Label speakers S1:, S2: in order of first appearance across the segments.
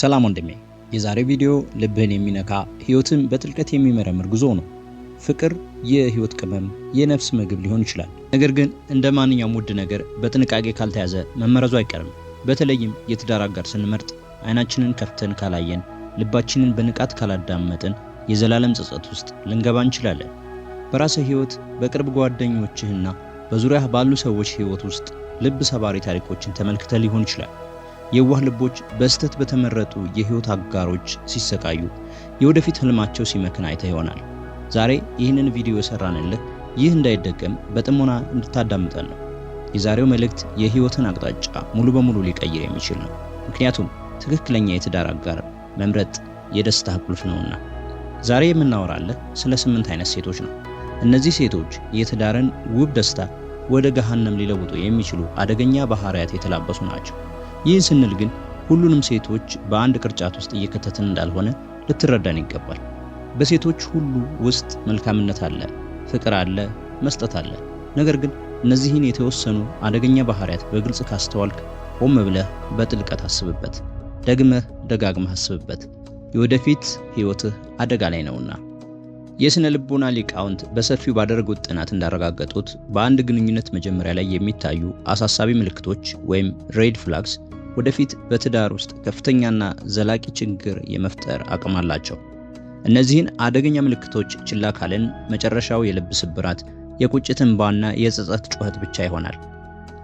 S1: ሰላም ወንድሜ፣ የዛሬው ቪዲዮ ልብህን የሚነካ ህይወትን በጥልቀት የሚመረምር ጉዞ ነው። ፍቅር የህይወት ቅመም፣ የነፍስ ምግብ ሊሆን ይችላል። ነገር ግን እንደ ማንኛውም ውድ ነገር በጥንቃቄ ካልተያዘ መመረዙ አይቀርም። በተለይም የትዳር አጋር ስንመርጥ አይናችንን ከፍተን ካላየን፣ ልባችንን በንቃት ካላዳመጥን የዘላለም ጸጸት ውስጥ ልንገባ እንችላለን። በራስህ ህይወት፣ በቅርብ ጓደኞችህና በዙሪያህ ባሉ ሰዎች ህይወት ውስጥ ልብ ሰባሪ ታሪኮችን ተመልክተ ሊሆን ይችላል የዋህ ልቦች በስተት በተመረጡ የህይወት አጋሮች ሲሰቃዩ የወደፊት ህልማቸው ሲመክን አይተ ይሆናል። ዛሬ ይህንን ቪዲዮ የሰራንልህ ይህ እንዳይደገም በጥሞና እንድታዳምጠን ነው። የዛሬው መልእክት የህይወትን አቅጣጫ ሙሉ በሙሉ ሊቀይር የሚችል ነው። ምክንያቱም ትክክለኛ የትዳር አጋር መምረጥ የደስታ ቁልፍ ነውና። ዛሬ የምናወራለህ ስለ ስምንት አይነት ሴቶች ነው። እነዚህ ሴቶች የትዳርን ውብ ደስታ ወደ ገሃነም ሊለውጡ የሚችሉ አደገኛ ባህሪያት የተላበሱ ናቸው። ይህን ስንል ግን ሁሉንም ሴቶች በአንድ ቅርጫት ውስጥ እየከተትን እንዳልሆነ ልትረዳን ይገባል። በሴቶች ሁሉ ውስጥ መልካምነት አለ፣ ፍቅር አለ፣ መስጠት አለ። ነገር ግን እነዚህን የተወሰኑ አደገኛ ባህሪያት በግልጽ ካስተዋልክ ቆም ብለህ በጥልቀት አስብበት፣ ደግመህ ደጋግመህ አስብበት። የወደፊት ሕይወትህ አደጋ ላይ ነውና። የሥነ ልቦና ሊቃውንት በሰፊው ባደረጉት ጥናት እንዳረጋገጡት በአንድ ግንኙነት መጀመሪያ ላይ የሚታዩ አሳሳቢ ምልክቶች ወይም ሬድ ፍላግስ ወደፊት በትዳር ውስጥ ከፍተኛና ዘላቂ ችግር የመፍጠር አቅም አላቸው። እነዚህን አደገኛ ምልክቶች ችላ ካልን መጨረሻው የልብ ስብራት፣ የቁጭት እንባና የጸጸት ጩኸት ብቻ ይሆናል።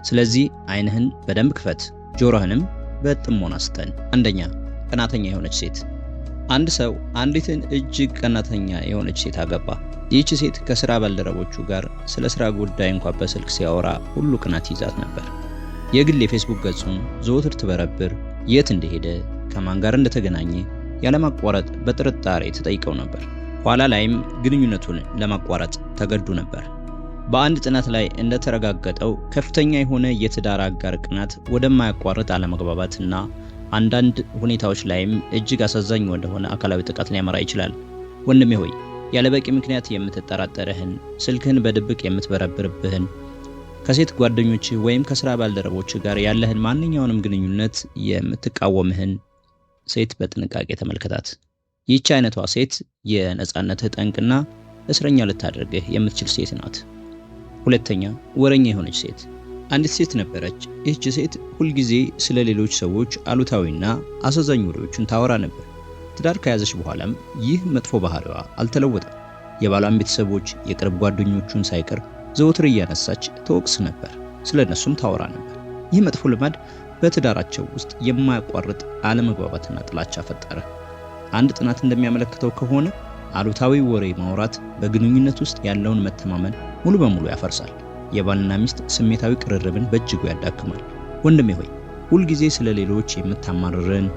S1: ስለዚህ ዓይንህን በደንብ ክፈት፣ ጆሮህንም በጥሞና ስጠን። አንደኛ ቀናተኛ የሆነች ሴት አንድ ሰው አንዲትን እጅግ ቀናተኛ የሆነች ሴት አገባ። ይህች ሴት ከስራ ባልደረቦቹ ጋር ስለ ስራ ጉዳይ እንኳ በስልክ ሲያወራ ሁሉ ቅናት ይዛት ነበር። የግል የፌስቡክ ገጹን ዘወትር ትበረብር፣ የት እንደሄደ ከማን ጋር እንደተገናኘ ያለማቋረጥ በጥርጣሬ ተጠይቀው ነበር። ኋላ ላይም ግንኙነቱን ለማቋረጥ ተገዱ ነበር። በአንድ ጥናት ላይ እንደተረጋገጠው ከፍተኛ የሆነ የትዳር አጋር ቅናት ወደማያቋርጥ አለመግባባትና አንዳንድ ሁኔታዎች ላይም እጅግ አሳዛኝ ወደሆነ አካላዊ ጥቃት ሊያመራ ይችላል። ወንድሜ ሆይ ያለበቂ ምክንያት የምትጠራጠርህን፣ ስልክህን በድብቅ የምትበረብርብህን ከሴት ጓደኞች ወይም ከስራ ባልደረቦች ጋር ያለህን ማንኛውንም ግንኙነት የምትቃወምህን ሴት በጥንቃቄ ተመልከታት። ይህች አይነቷ ሴት የነፃነትህ ጠንቅና እስረኛ ልታደርግህ የምትችል ሴት ናት። ሁለተኛ፣ ወረኛ የሆነች ሴት። አንዲት ሴት ነበረች። ይህች ሴት ሁልጊዜ ስለ ሌሎች ሰዎች አሉታዊና አሳዛኝ ወሬዎችን ታወራ ነበር። ትዳር ከያዘች በኋላም ይህ መጥፎ ባህሪዋ አልተለወጠም። የባሏን ቤተሰቦች፣ የቅርብ ጓደኞቹን ሳይቀር ዘወትር እያነሳች ትወቅስ ነበር፣ ስለ እነሱም ታወራ ነበር። ይህ መጥፎ ልማድ በትዳራቸው ውስጥ የማያቋርጥ አለመግባባትና ጥላቻ ፈጠረ። አንድ ጥናት እንደሚያመለክተው ከሆነ አሉታዊ ወሬ ማውራት በግንኙነት ውስጥ ያለውን መተማመን ሙሉ በሙሉ ያፈርሳል። የባልና ሚስት ስሜታዊ ቅርርብን በእጅጉ ያዳክማል። ወንድሜ ሆይ ሁልጊዜ ስለ ሌሎች የምታማርርን፣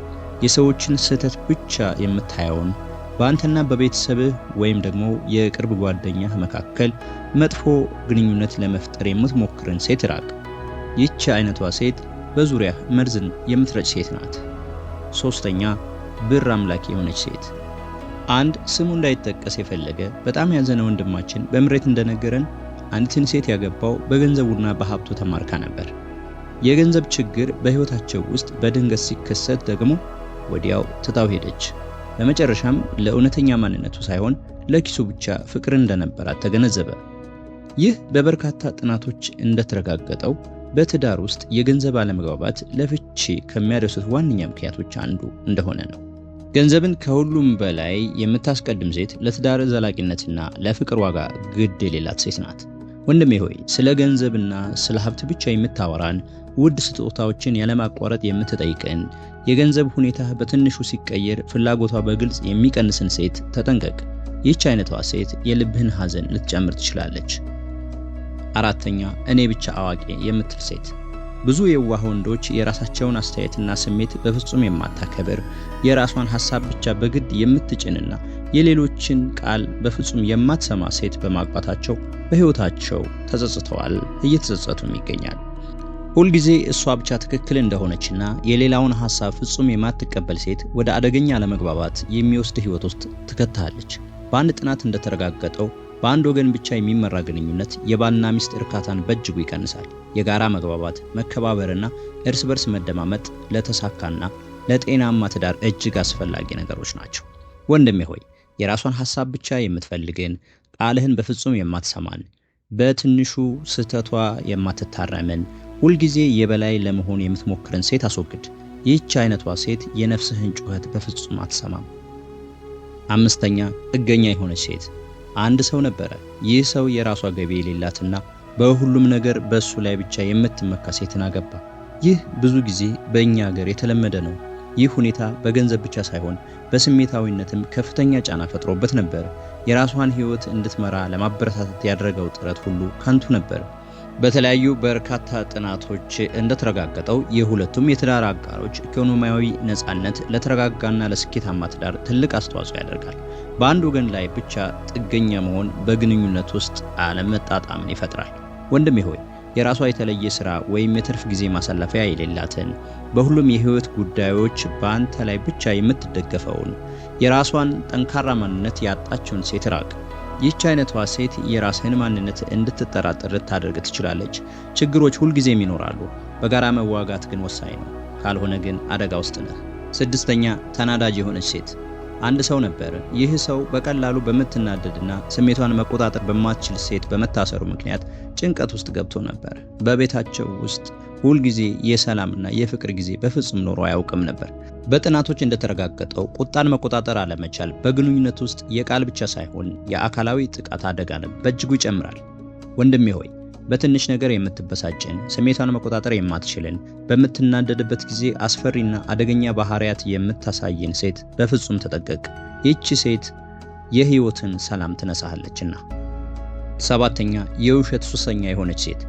S1: የሰዎችን ስህተት ብቻ የምታየውን በአንተና በቤተሰብህ ወይም ደግሞ የቅርብ ጓደኛህ መካከል መጥፎ ግንኙነት ለመፍጠር የምትሞክርን ሴት ራቅ። ይህች አይነቷ ሴት በዙሪያህ መርዝን የምትረጭ ሴት ናት። ሶስተኛ ብር አምላክ የሆነች ሴት። አንድ ስሙ እንዳይጠቀስ የፈለገ በጣም ያዘነ ወንድማችን በምሬት እንደነገረን አንዲትን ሴት ያገባው በገንዘቡና በሀብቱ ተማርካ ነበር። የገንዘብ ችግር በሕይወታቸው ውስጥ በድንገት ሲከሰት ደግሞ ወዲያው ትታው ሄደች። በመጨረሻም ለእውነተኛ ማንነቱ ሳይሆን ለኪሱ ብቻ ፍቅር እንደነበራት ተገነዘበ። ይህ በበርካታ ጥናቶች እንደተረጋገጠው በትዳር ውስጥ የገንዘብ አለመግባባት ለፍቺ ከሚያደርሱት ዋነኛ ምክንያቶች አንዱ እንደሆነ ነው። ገንዘብን ከሁሉም በላይ የምታስቀድም ሴት ለትዳር ዘላቂነትና ለፍቅር ዋጋ ግድ የሌላት ሴት ናት። ወንድሜ ሆይ ስለ ገንዘብና ስለ ሀብት ብቻ የምታወራን ውድ ስጦታዎችን ያለማቋረጥ የምትጠይቀን፣ የገንዘብ ሁኔታ በትንሹ ሲቀየር ፍላጎቷ በግልጽ የሚቀንስን ሴት ተጠንቀቅ። ይህች አይነቷ ሴት የልብህን ሐዘን ልትጨምር ትችላለች። አራተኛ እኔ ብቻ አዋቂ የምትል ሴት። ብዙ የዋህ ወንዶች የራሳቸውን አስተያየትና ስሜት በፍጹም የማታከብር የራሷን ሐሳብ ብቻ በግድ የምትጭንና የሌሎችን ቃል በፍጹም የማትሰማ ሴት በማግባታቸው በሕይወታቸው ተጸጽተዋል፣ እየተጸጸቱም ይገኛል። ሁልጊዜ እሷ ብቻ ትክክል እንደሆነችና የሌላውን ሐሳብ ፍጹም የማትቀበል ሴት ወደ አደገኛ ለመግባባት የሚወስድ ሕይወት ውስጥ ትከታለች። በአንድ ጥናት እንደተረጋገጠው በአንድ ወገን ብቻ የሚመራ ግንኙነት የባልና ሚስት እርካታን በእጅጉ ይቀንሳል። የጋራ መግባባት፣ መከባበርና እርስ በርስ መደማመጥ ለተሳካና ለጤናማ ትዳር እጅግ አስፈላጊ ነገሮች ናቸው። ወንድሜ ሆይ የራሷን ሐሳብ ብቻ የምትፈልግን፣ ቃልህን በፍጹም የማትሰማን፣ በትንሹ ስህተቷ የማትታረምን ሁልጊዜ የበላይ ለመሆን የምትሞክርን ሴት አስወግድ። ይህች አይነቷ ሴት የነፍስህን ጩኸት በፍጹም አትሰማም። አምስተኛ ጥገኛ የሆነች ሴት። አንድ ሰው ነበረ። ይህ ሰው የራሷ ገቢ የሌላትና በሁሉም ነገር በእሱ ላይ ብቻ የምትመካ ሴትን አገባ። ይህ ብዙ ጊዜ በእኛ ሀገር የተለመደ ነው። ይህ ሁኔታ በገንዘብ ብቻ ሳይሆን በስሜታዊነትም ከፍተኛ ጫና ፈጥሮበት ነበር። የራሷን ሕይወት እንድትመራ ለማበረታታት ያደረገው ጥረት ሁሉ ከንቱ ነበር። በተለያዩ በርካታ ጥናቶች እንደተረጋገጠው የሁለቱም የትዳር አጋሮች ኢኮኖሚያዊ ነፃነት ለተረጋጋና ለስኬታማ ትዳር ትልቅ አስተዋጽኦ ያደርጋል። በአንድ ወገን ላይ ብቻ ጥገኛ መሆን በግንኙነት ውስጥ አለመጣጣምን ይፈጥራል። ወንድሜ ሆይ የራሷ የተለየ ስራ ወይም የትርፍ ጊዜ ማሳለፊያ የሌላትን በሁሉም የህይወት ጉዳዮች በአንተ ላይ ብቻ የምትደገፈውን የራሷን ጠንካራ ማንነት ያጣችውን ሴት ራቅ። ይህች አይነቷ ሴት የራስህን ማንነት እንድትጠራጠር ልታደርግ ትችላለች። ችግሮች ሁልጊዜም ይኖራሉ። በጋራ መዋጋት ግን ወሳኝ ነው። ካልሆነ ግን አደጋ ውስጥ ነህ። ስድስተኛ ተናዳጅ የሆነች ሴት አንድ ሰው ነበር። ይህ ሰው በቀላሉ በምትናደድና ስሜቷን መቆጣጠር በማትችል ሴት በመታሰሩ ምክንያት ጭንቀት ውስጥ ገብቶ ነበር። በቤታቸው ውስጥ ሁልጊዜ የሰላምና የፍቅር ጊዜ በፍጹም ኖሮ አያውቅም ነበር። በጥናቶች እንደተረጋገጠው ቁጣን መቆጣጠር አለመቻል በግንኙነት ውስጥ የቃል ብቻ ሳይሆን የአካላዊ ጥቃት አደጋንም በእጅጉ ይጨምራል። ወንድሜ ሆይ በትንሽ ነገር የምትበሳጭን፣ ስሜቷን መቆጣጠር የማትችልን፣ በምትናደድበት ጊዜ አስፈሪና አደገኛ ባህሪያት የምታሳይን ሴት በፍጹም ተጠቀቅ። ይቺ ሴት የህይወትን ሰላም ትነሳሃለችና። ሰባተኛ የውሸት ሱሰኛ የሆነች ሴት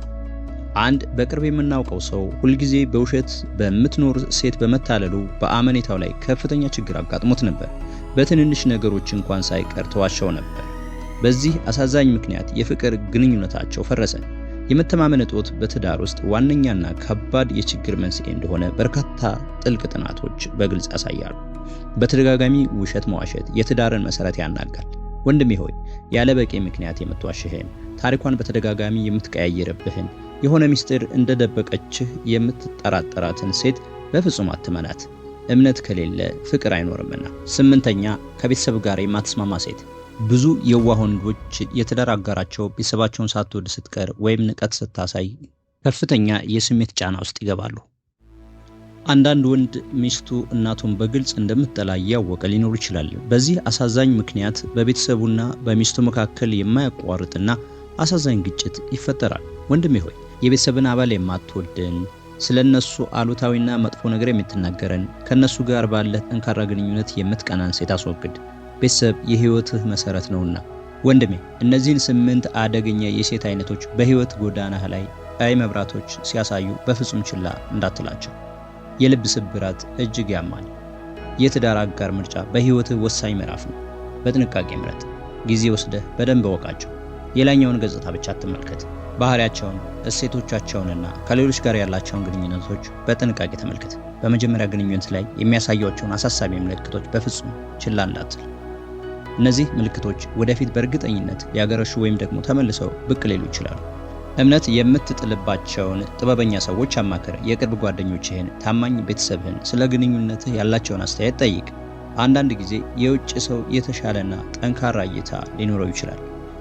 S1: አንድ በቅርብ የምናውቀው ሰው ሁልጊዜ በውሸት በምትኖር ሴት በመታለሉ በአመኔታው ላይ ከፍተኛ ችግር አጋጥሞት ነበር። በትንንሽ ነገሮች እንኳን ሳይቀር ተዋሸው ነበር። በዚህ አሳዛኝ ምክንያት የፍቅር ግንኙነታቸው ፈረሰ። የመተማመን እጦት በትዳር ውስጥ ዋነኛና ከባድ የችግር መንስኤ እንደሆነ በርካታ ጥልቅ ጥናቶች በግልጽ ያሳያሉ። በተደጋጋሚ ውሸት መዋሸት የትዳርን መሰረት ያናጋል። ወንድሜ ሆይ ያለ በቂ ምክንያት የምትዋሽህን፣ ታሪኳን በተደጋጋሚ የምትቀያየርብህን፣ የሆነ ምስጢር እንደደበቀችህ የምትጠራጠራትን ሴት በፍጹም አትመናት። እምነት ከሌለ ፍቅር አይኖርምና። ስምንተኛ ከቤተሰብ ጋር የማትስማማ ሴት ብዙ የዋህ ወንዶች የትዳር አጋራቸው ቤተሰባቸውን ሳትወድ ስትቀር ወይም ንቀት ስታሳይ ከፍተኛ የስሜት ጫና ውስጥ ይገባሉ። አንዳንድ ወንድ ሚስቱ እናቱን በግልጽ እንደምትጠላ እያወቀ ሊኖር ይችላል። በዚህ አሳዛኝ ምክንያት በቤተሰቡና በሚስቱ መካከል የማያቋርጥና አሳዛኝ ግጭት ይፈጠራል። ወንድሜ ሆይ የቤተሰብን አባል የማትወድን ስለ እነሱ አሉታዊና መጥፎ ነገር የምትናገረን ከእነሱ ጋር ባለ ጠንካራ ግንኙነት የምትቀናን ሴት አስወግድ። ቤተሰብ የህይወትህ መሰረት ነውና። ወንድሜ እነዚህን ስምንት አደገኛ የሴት አይነቶች በህይወት ጎዳናህ ላይ ቀይ መብራቶች ሲያሳዩ በፍጹም ችላ እንዳትላቸው። የልብ ስብራት እጅግ ያማል። የትዳር አጋር ምርጫ በህይወትህ ወሳኝ ምዕራፍ ነው። በጥንቃቄ ምረጥ። ጊዜ ወስደህ በደንብ እወቃቸው። የላይኛውን ገጽታ ብቻ አትመልከት። ባህሪያቸውን፣ እሴቶቻቸውንና ከሌሎች ጋር ያላቸውን ግንኙነቶች በጥንቃቄ ተመልከት። በመጀመሪያ ግንኙነት ላይ የሚያሳያቸውን አሳሳቢ ምልክቶች በፍጹም ችላ እንዳትል። እነዚህ ምልክቶች ወደፊት በእርግጠኝነት ሊያገረሹ ወይም ደግሞ ተመልሰው ብቅ ሊሉ ይችላሉ። እምነት የምትጥልባቸውን ጥበበኛ ሰዎች አማክር። የቅርብ ጓደኞችህን፣ ታማኝ ቤተሰብህን፣ ስለ ግንኙነትህ ያላቸውን አስተያየት ጠይቅ። አንዳንድ ጊዜ የውጭ ሰው የተሻለና ጠንካራ እይታ ሊኖረው ይችላል።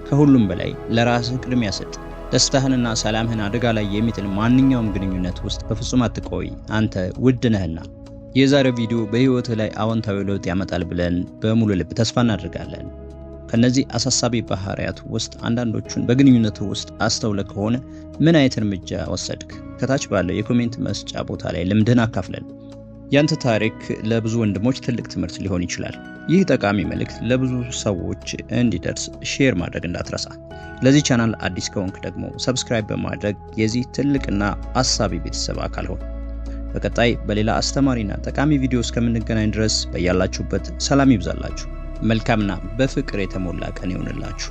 S1: ከሁሉም በላይ ለራስህ ቅድሚያ ስጥ። ደስታህንና ሰላምህን አደጋ ላይ የሚጥል ማንኛውም ግንኙነት ውስጥ በፍጹም አትቆይ። አንተ ውድ ነህና። የዛሬው ቪዲዮ በህይወት ላይ አዎንታዊ ለውጥ ያመጣል ብለን በሙሉ ልብ ተስፋ እናደርጋለን። ከነዚህ አሳሳቢ ባህሪያት ውስጥ አንዳንዶቹን በግንኙነቱ ውስጥ አስተውለ ከሆነ ምን አይነት እርምጃ ወሰድክ? ከታች ባለው የኮሜንት መስጫ ቦታ ላይ ልምድን አካፍለን። ያንተ ታሪክ ለብዙ ወንድሞች ትልቅ ትምህርት ሊሆን ይችላል። ይህ ጠቃሚ መልእክት ለብዙ ሰዎች እንዲደርስ ሼር ማድረግ እንዳትረሳ። ለዚህ ቻናል አዲስ ከሆንክ ደግሞ ሰብስክራይብ በማድረግ የዚህ ትልቅና አሳቢ ቤተሰብ አካል ሆን በቀጣይ በሌላ አስተማሪና ጠቃሚ ቪዲዮ እስከምንገናኝ ድረስ በያላችሁበት ሰላም ይብዛላችሁ። መልካምና በፍቅር የተሞላ ቀን ይሆንላችሁ።